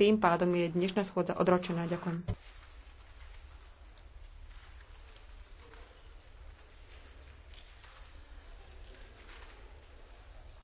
Tým pádom je dnešná schôdza odročená. Ďakujem.